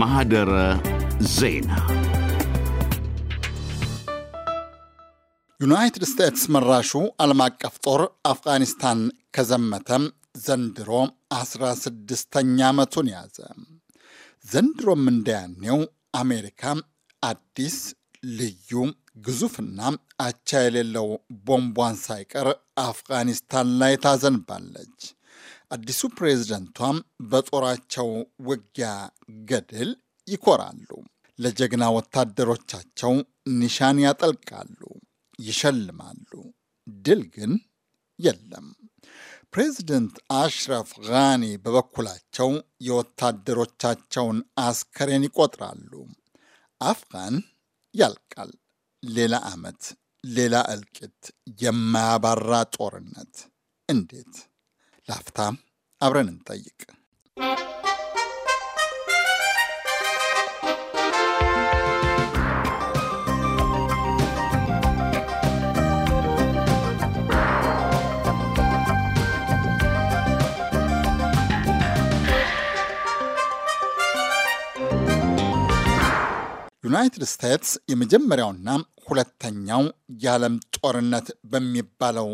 ማህደረ ዜና ዩናይትድ ስቴትስ መራሹ ዓለም አቀፍ ጦር አፍጋኒስታን ከዘመተ ዘንድሮ 16ኛ ዓመቱን ያዘ። ዘንድሮም እንደያኔው አሜሪካ አዲስ ልዩ ግዙፍና አቻ የሌለው ቦምቧን ሳይቀር አፍጋኒስታን ላይ ታዘንባለች። አዲሱ ፕሬዝደንቷም በጦራቸው ውጊያ ገድል ይኮራሉ። ለጀግና ወታደሮቻቸው ኒሻን ያጠልቃሉ፣ ይሸልማሉ። ድል ግን የለም። ፕሬዝደንት አሽረፍ ጋኒ በበኩላቸው የወታደሮቻቸውን አስከሬን ይቆጥራሉ። አፍጋን ያልቃል። ሌላ ዓመት፣ ሌላ እልቂት፣ የማያባራ ጦርነት። እንዴት ላፍታ አብረን እንጠይቅ። ዩናይትድ ስቴትስ የመጀመሪያውና ሁለተኛው የዓለም ጦርነት በሚባለው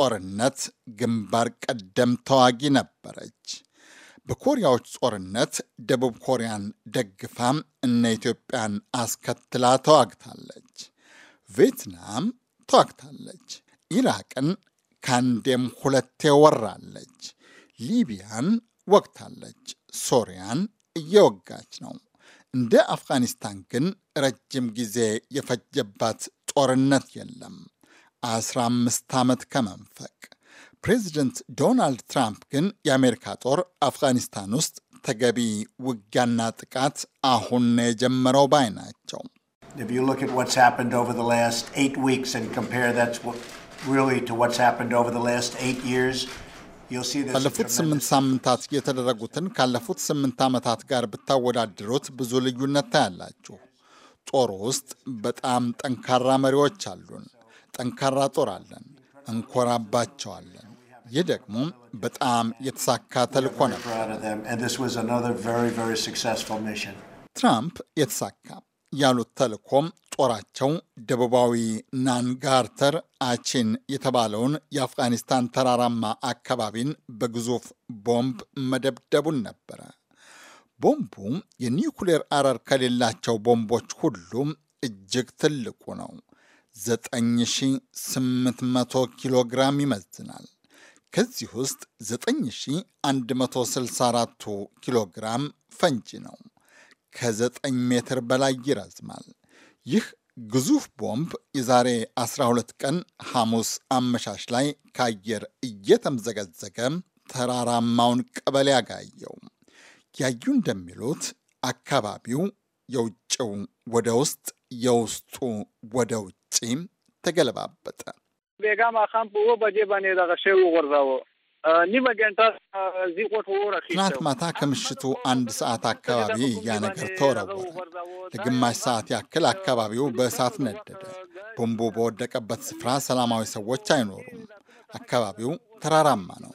ጦርነት ግንባር ቀደም ተዋጊ ነበረች። በኮሪያዎች ጦርነት ደቡብ ኮሪያን ደግፋም እነ ኢትዮጵያን አስከትላ ተዋግታለች። ቪየትናም ተዋግታለች። ኢራቅን ከአንዴም ሁለቴ ወራለች። ሊቢያን ወግታለች ሶሪያን እየወጋች ነው። እንደ አፍጋኒስታን ግን ረጅም ጊዜ የፈጀባት ጦርነት የለም። 15 ዓመት ከመንፈቅ ፕሬዚደንት ዶናልድ ትራምፕ ግን የአሜሪካ ጦር አፍጋኒስታን ውስጥ ተገቢ ውጊያና ጥቃት አሁን ነው የጀመረው ባይ ናቸው። ባለፉት ስምንት ሳምንታት የተደረጉትን ካለፉት ስምንት ዓመታት ጋር ብታወዳድሩት ብዙ ልዩነት ታያላችሁ። ጦር ውስጥ በጣም ጠንካራ መሪዎች አሉን። ጠንካራ ጦር አለን፣ እንኮራባቸዋለን። ይህ ደግሞ በጣም የተሳካ ተልኮ ነበር። ትራምፕ የተሳካ ያሉት ተልኮም ጦራቸው ደቡባዊ ናንጋርተር አቺን የተባለውን የአፍጋኒስታን ተራራማ አካባቢን በግዙፍ ቦምብ መደብደቡን ነበረ። ቦምቡ የኒውክሌር አረር ከሌላቸው ቦምቦች ሁሉም እጅግ ትልቁ ነው። 9800 ኪሎ ግራም ይመዝናል። ከዚህ ውስጥ 9164 ኪሎ ግራም ፈንጂ ነው። ከ9 ሜትር በላይ ይረዝማል። ይህ ግዙፍ ቦምብ የዛሬ 12 ቀን ሐሙስ አመሻሽ ላይ ከአየር እየተምዘገዘገ ተራራማውን ቀበሌ አጋየው። ያዩ እንደሚሉት አካባቢው የውጭው ወደ ውስጥ፣ የውስጡ ወደ ውጭ ጺም ተገለባበጠ። ትናንት ማታ ከምሽቱ አንድ ሰዓት አካባቢ ያ ነገር ተወረወረ። ለግማሽ ሰዓት ያክል አካባቢው በእሳት ነደደ። ቦምቡ በወደቀበት ስፍራ ሰላማዊ ሰዎች አይኖሩም። አካባቢው ተራራማ ነው።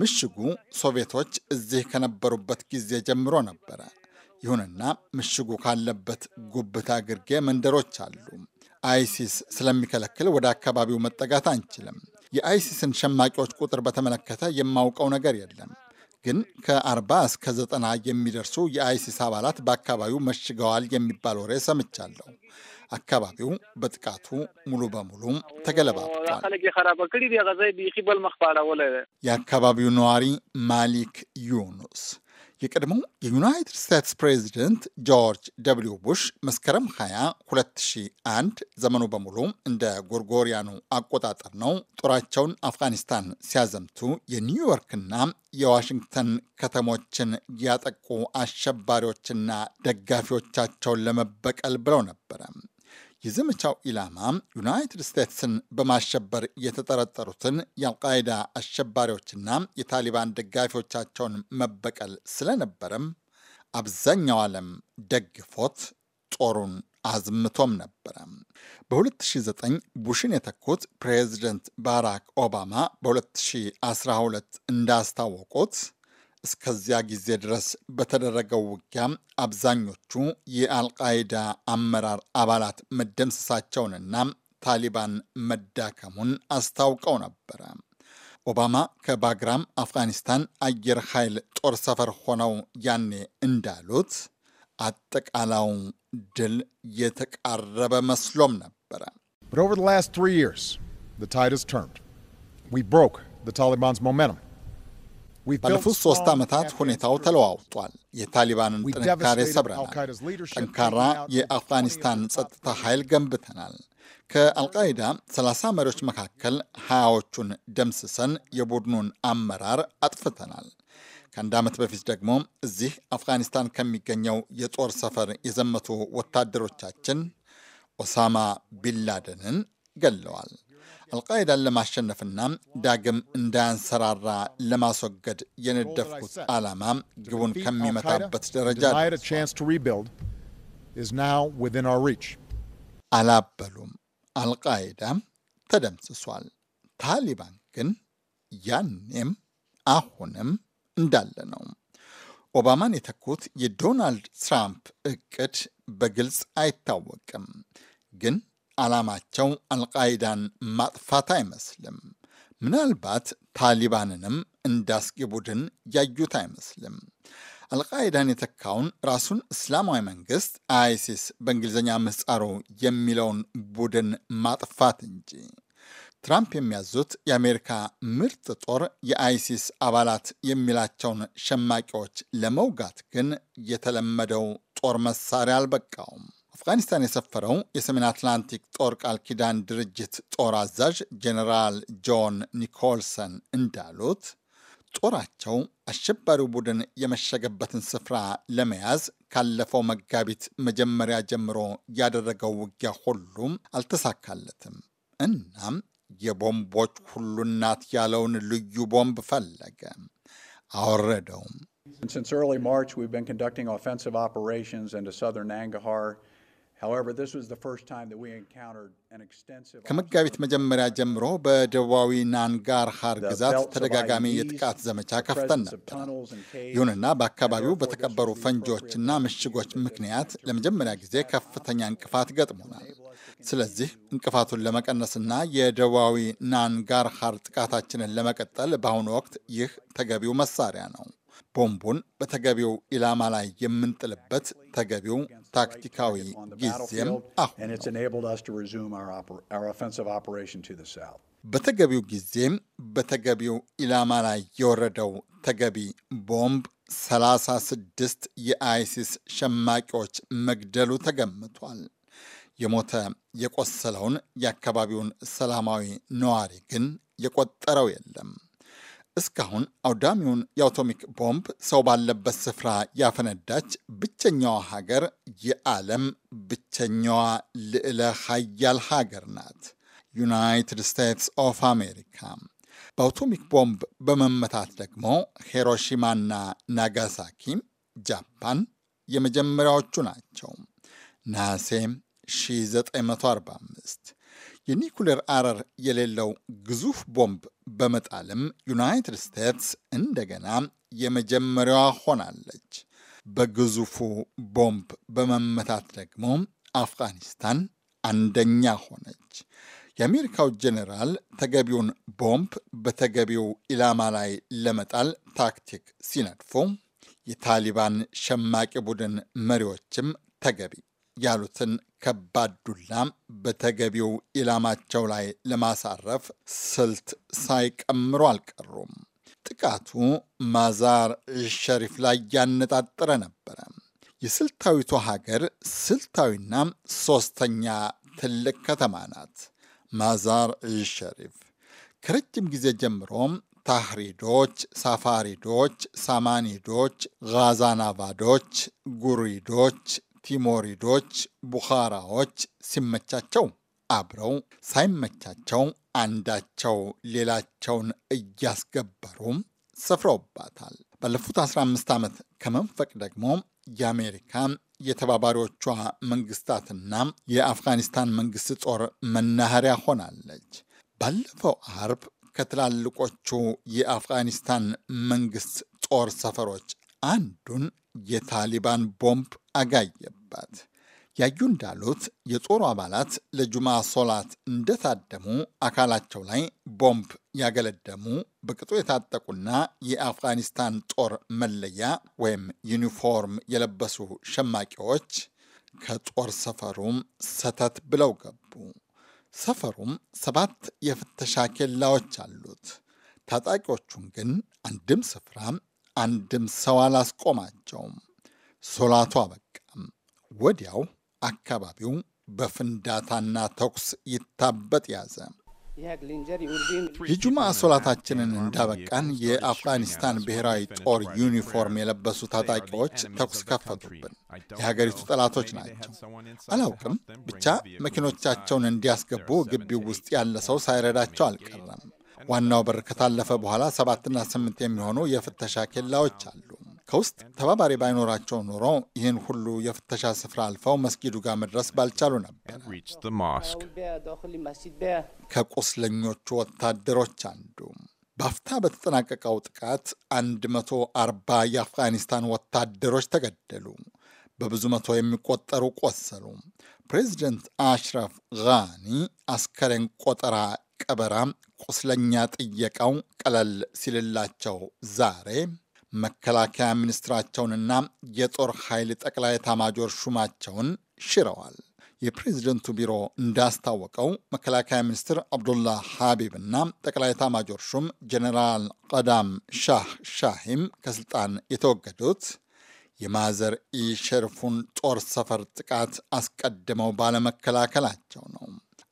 ምሽጉ ሶቪየቶች እዚህ ከነበሩበት ጊዜ ጀምሮ ነበረ። ይሁንና ምሽጉ ካለበት ጉብታ ግርጌ መንደሮች አሉ። አይሲስ ስለሚከለክል ወደ አካባቢው መጠጋት አንችልም። የአይሲስን ሸማቂዎች ቁጥር በተመለከተ የማውቀው ነገር የለም። ግን ከ40 እስከ 90 የሚደርሱ የአይሲስ አባላት በአካባቢው መሽገዋል የሚባል ወሬ ሰምቻለሁ። አካባቢው በጥቃቱ ሙሉ በሙሉ ተገለባብቷል። የአካባቢው ነዋሪ ማሊክ ዩኑስ የቀድሞው የዩናይትድ ስቴትስ ፕሬዚደንት ጆርጅ ደብሊው ቡሽ መስከረም 20 2001 ዘመኑ በሙሉ እንደ ጎርጎሪያኑ አቆጣጠር ነው። ጦራቸውን አፍጋኒስታን ሲያዘምቱ የኒውዮርክና የዋሽንግተን ከተሞችን ያጠቁ አሸባሪዎችና ደጋፊዎቻቸውን ለመበቀል ብለው ነበረ። የዘመቻው ኢላማ ዩናይትድ ስቴትስን በማሸበር የተጠረጠሩትን የአልቃይዳ አሸባሪዎችና የታሊባን ደጋፊዎቻቸውን መበቀል ስለነበረም አብዛኛው ዓለም ደግፎት ጦሩን አዝምቶም ነበረ። በ2009 ቡሽን የተኩት ፕሬዚደንት ባራክ ኦባማ በ2012 እንዳስታወቁት እስከዚያ ጊዜ ድረስ በተደረገው ውጊያ አብዛኞቹ የአልቃይዳ አመራር አባላት መደምሰሳቸውንና ታሊባን መዳከሙን አስታውቀው ነበረ። ኦባማ ከባግራም አፍጋኒስታን አየር ኃይል ጦር ሰፈር ሆነው ያኔ እንዳሉት አጠቃላው ድል የተቃረበ መስሎም ነበረ። But over the last three years, ባለፉት ሶስት ዓመታት ሁኔታው ተለዋውጧል። የታሊባንን ጥንካሬ ሰብረናል። ጠንካራ የአፍጋኒስታን ጸጥታ ኃይል ገንብተናል። ከአልቃይዳ 30 መሪዎች መካከል ሀያዎቹን ደምስሰን የቡድኑን አመራር አጥፍተናል። ከአንድ ዓመት በፊት ደግሞ እዚህ አፍጋኒስታን ከሚገኘው የጦር ሰፈር የዘመቱ ወታደሮቻችን ኦሳማ ቢንላደንን ገለዋል። አልቃይዳን ለማሸነፍና ዳግም እንዳያንሰራራ ለማስወገድ የነደፍኩት ዓላማ ግቡን ከሚመታበት ደረጃ አላበሉም። አልቃይዳ ተደምስሷል። ታሊባን ግን ያኔም አሁንም እንዳለ ነው። ኦባማን የተኩት የዶናልድ ትራምፕ እቅድ በግልጽ አይታወቅም ግን ዓላማቸው አልቃይዳን ማጥፋት አይመስልም። ምናልባት ታሊባንንም እንዳስጊ ቡድን ያዩት አይመስልም። አልቃይዳን የተካውን ራሱን እስላማዊ መንግስት አይሲስ በእንግሊዝኛ ምህጻሩ የሚለውን ቡድን ማጥፋት እንጂ ትራምፕ የሚያዙት የአሜሪካ ምርጥ ጦር የአይሲስ አባላት የሚላቸውን ሸማቂዎች ለመውጋት ግን የተለመደው ጦር መሳሪያ አልበቃውም። አፍጋኒስታን የሰፈረው የሰሜን አትላንቲክ ጦር ቃል ኪዳን ድርጅት ጦር አዛዥ ጀኔራል ጆን ኒኮልሰን እንዳሉት ጦራቸው አሸባሪው ቡድን የመሸገበትን ስፍራ ለመያዝ ካለፈው መጋቢት መጀመሪያ ጀምሮ ያደረገው ውጊያ ሁሉም አልተሳካለትም። እናም የቦምቦች ሁሉ እናት ያለውን ልዩ ቦምብ ፈለገ፣ አወረደውም። Since early March, we've been conducting offensive operations into southern Nangarhar. ከመጋቢት መጀመሪያ ጀምሮ በደቡባዊ ናንጋር ሃር ግዛት ተደጋጋሚ e የጥቃት ዘመቻ ከፍተን ነበር። ይሁንና በአካባቢው በተቀበሩ ፈንጂዎችና ምሽጎች ምክንያት ለመጀመሪያ ጊዜ ከፍተኛ እንቅፋት ገጥሞናል። ስለዚህ እንቅፋቱን ለመቀነስና የደቡባዊ ሃር ጥቃታችንን ለመቀጠል በአሁኑ ወቅት ይህ ተገቢው መሳሪያ ነው። ቦምቡን በተገቢው ኢላማ ላይ የምንጥልበት ተገቢው ታክቲካዊ ጊዜም አሁን ነው። በተገቢው ጊዜም በተገቢው ኢላማ ላይ የወረደው ተገቢ ቦምብ 36 የአይሲስ ሸማቂዎች መግደሉ ተገምቷል። የሞተ የቆሰለውን የአካባቢውን ሰላማዊ ነዋሪ ግን የቆጠረው የለም። እስካሁን አውዳሚውን የአቶሚክ ቦምብ ሰው ባለበት ስፍራ ያፈነዳች ብቸኛዋ ሀገር የዓለም ብቸኛዋ ልዕለ ሀያል ሀገር ናት፣ ዩናይትድ ስቴትስ ኦፍ አሜሪካ። በአቶሚክ ቦምብ በመመታት ደግሞ ሂሮሺማና ናጋሳኪ ጃፓን የመጀመሪያዎቹ ናቸው። ናሴ 1945 የኒኩሌር አረር የሌለው ግዙፍ ቦምብ በመጣልም ዩናይትድ ስቴትስ እንደገና የመጀመሪያዋ ሆናለች። በግዙፉ ቦምብ በመመታት ደግሞ አፍጋኒስታን አንደኛ ሆነች። የአሜሪካው ጄኔራል ተገቢውን ቦምብ በተገቢው ኢላማ ላይ ለመጣል ታክቲክ ሲነድፉ የታሊባን ሸማቂ ቡድን መሪዎችም ተገቢ ያሉትን ከባድ ዱላም በተገቢው ኢላማቸው ላይ ለማሳረፍ ስልት ሳይቀምሩ አልቀሩም። ጥቃቱ ማዛር ሸሪፍ ላይ ያነጣጠረ ነበረ። የስልታዊቱ ሀገር ስልታዊና ሶስተኛ ትልቅ ከተማ ናት ማዛር ሸሪፍ። ከረጅም ጊዜ ጀምሮም ታህሪዶች፣ ሳፋሪዶች፣ ሳማኒዶች፣ ጋዛናቫዶች፣ ጉሪዶች ቲሞሪዶች፣ ቡኻራዎች ሲመቻቸው አብረው ሳይመቻቸው አንዳቸው ሌላቸውን እያስገበሩ ሰፍረውባታል። ባለፉት 15 ዓመት ከመንፈቅ ደግሞ የአሜሪካ የተባባሪዎቿ መንግስታትና የአፍጋኒስታን መንግስት ጦር መናኸሪያ ሆናለች። ባለፈው አርብ ከትላልቆቹ የአፍጋኒስታን መንግስት ጦር ሰፈሮች አንዱን የታሊባን ቦምብ አጋየባት። ያዩ እንዳሉት የጦሩ አባላት ለጁማ ሶላት እንደታደሙ አካላቸው ላይ ቦምብ ያገለደሙ በቅጡ የታጠቁና የአፍጋኒስታን ጦር መለያ ወይም ዩኒፎርም የለበሱ ሸማቂዎች ከጦር ሰፈሩም ሰተት ብለው ገቡ። ሰፈሩም ሰባት የፍተሻ ኬላዎች አሉት። ታጣቂዎቹን ግን አንድም ስፍራ አንድም ሰው አላስቆማቸውም። ሶላቱ አበቃም። ወዲያው አካባቢው በፍንዳታና ተኩስ ይታበጥ ያዘ። የጁማ ሶላታችንን እንዳበቃን የአፍጋኒስታን ብሔራዊ ጦር ዩኒፎርም የለበሱ ታጣቂዎች ተኩስ ከፈቱብን። የሀገሪቱ ጠላቶች ናቸው። አላውቅም፣ ብቻ መኪኖቻቸውን እንዲያስገቡ ግቢው ውስጥ ያለ ሰው ሳይረዳቸው አልቀረም። ዋናው በር ከታለፈ በኋላ ሰባትና ስምንት የሚሆኑ የፍተሻ ኬላዎች አሉ። ከውስጥ ተባባሪ ባይኖራቸው ኖሮ ይህን ሁሉ የፍተሻ ስፍራ አልፈው መስጊዱ ጋር መድረስ ባልቻሉ ነበር። ከቁስለኞቹ ወታደሮች አንዱ በአፍታ በተጠናቀቀው ጥቃት 140 የአፍጋኒስታን ወታደሮች ተገደሉ፣ በብዙ መቶ የሚቆጠሩ ቆሰሉ። ፕሬዚደንት አሽረፍ ጋኒ አስከሬን ቆጠራ፣ ቀበራ፣ ቁስለኛ ጥየቃው ቀለል ሲልላቸው ዛሬ መከላከያ ሚኒስትራቸውንና የጦር ኃይል ጠቅላይ ኤታማዦር ሹማቸውን ሽረዋል። የፕሬዝደንቱ ቢሮ እንዳስታወቀው መከላከያ ሚኒስትር አብዱላ ሀቢብ እና ጠቅላይ ታማጆር ሹም ጀኔራል ቀዳም ሻህ ሻሂም ከስልጣን የተወገዱት የማዘር ኢሸርፉን ጦር ሰፈር ጥቃት አስቀድመው ባለመከላከላቸው ነው።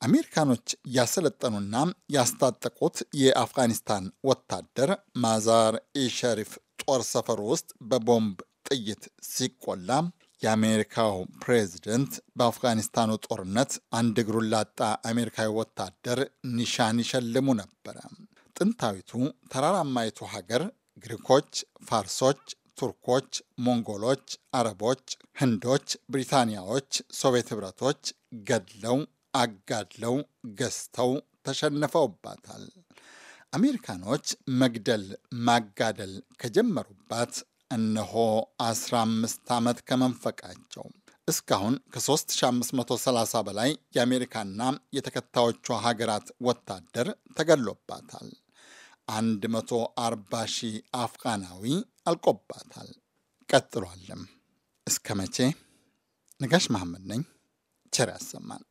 አሜሪካኖች ያሰለጠኑና ያስታጠቁት የአፍጋኒስታን ወታደር ማዛር ኢሸሪፍ ጦር ሰፈር ውስጥ በቦምብ ጥይት ሲቆላ የአሜሪካው ፕሬዚደንት በአፍጋኒስታኑ ጦርነት አንድ እግሩን ላጣ አሜሪካዊ ወታደር ኒሻን ይሸልሙ ነበረ። ጥንታዊቱ ተራራማይቱ ሀገር ግሪኮች፣ ፋርሶች፣ ቱርኮች፣ ሞንጎሎች፣ አረቦች፣ ህንዶች፣ ብሪታንያዎች፣ ሶቪየት ህብረቶች ገድለው አጋድለው ገዝተው ተሸንፈውባታል። አሜሪካኖች መግደል ማጋደል ከጀመሩባት እነሆ 15 ዓመት ከመንፈቃቸው እስካሁን ከ3530 በላይ የአሜሪካና የተከታዮቿ ሀገራት ወታደር ተገሎባታል። 140 ሺህ አፍጋናዊ አልቆባታል። ቀጥሏልም። እስከ መቼ? ነጋሽ መሐመድ ነኝ። ቸር ያሰማን።